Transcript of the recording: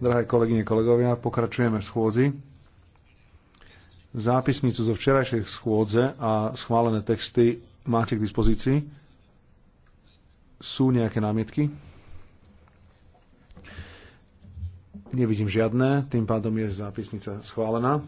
Drahé kolegyne, kolegovia, pokračujeme v schôdzi. Zápisnicu zo včerajšej schôdze a schválené texty máte k dispozícii. Sú nejaké námietky? Nevidím žiadne, tým pádom je zápisnica schválená.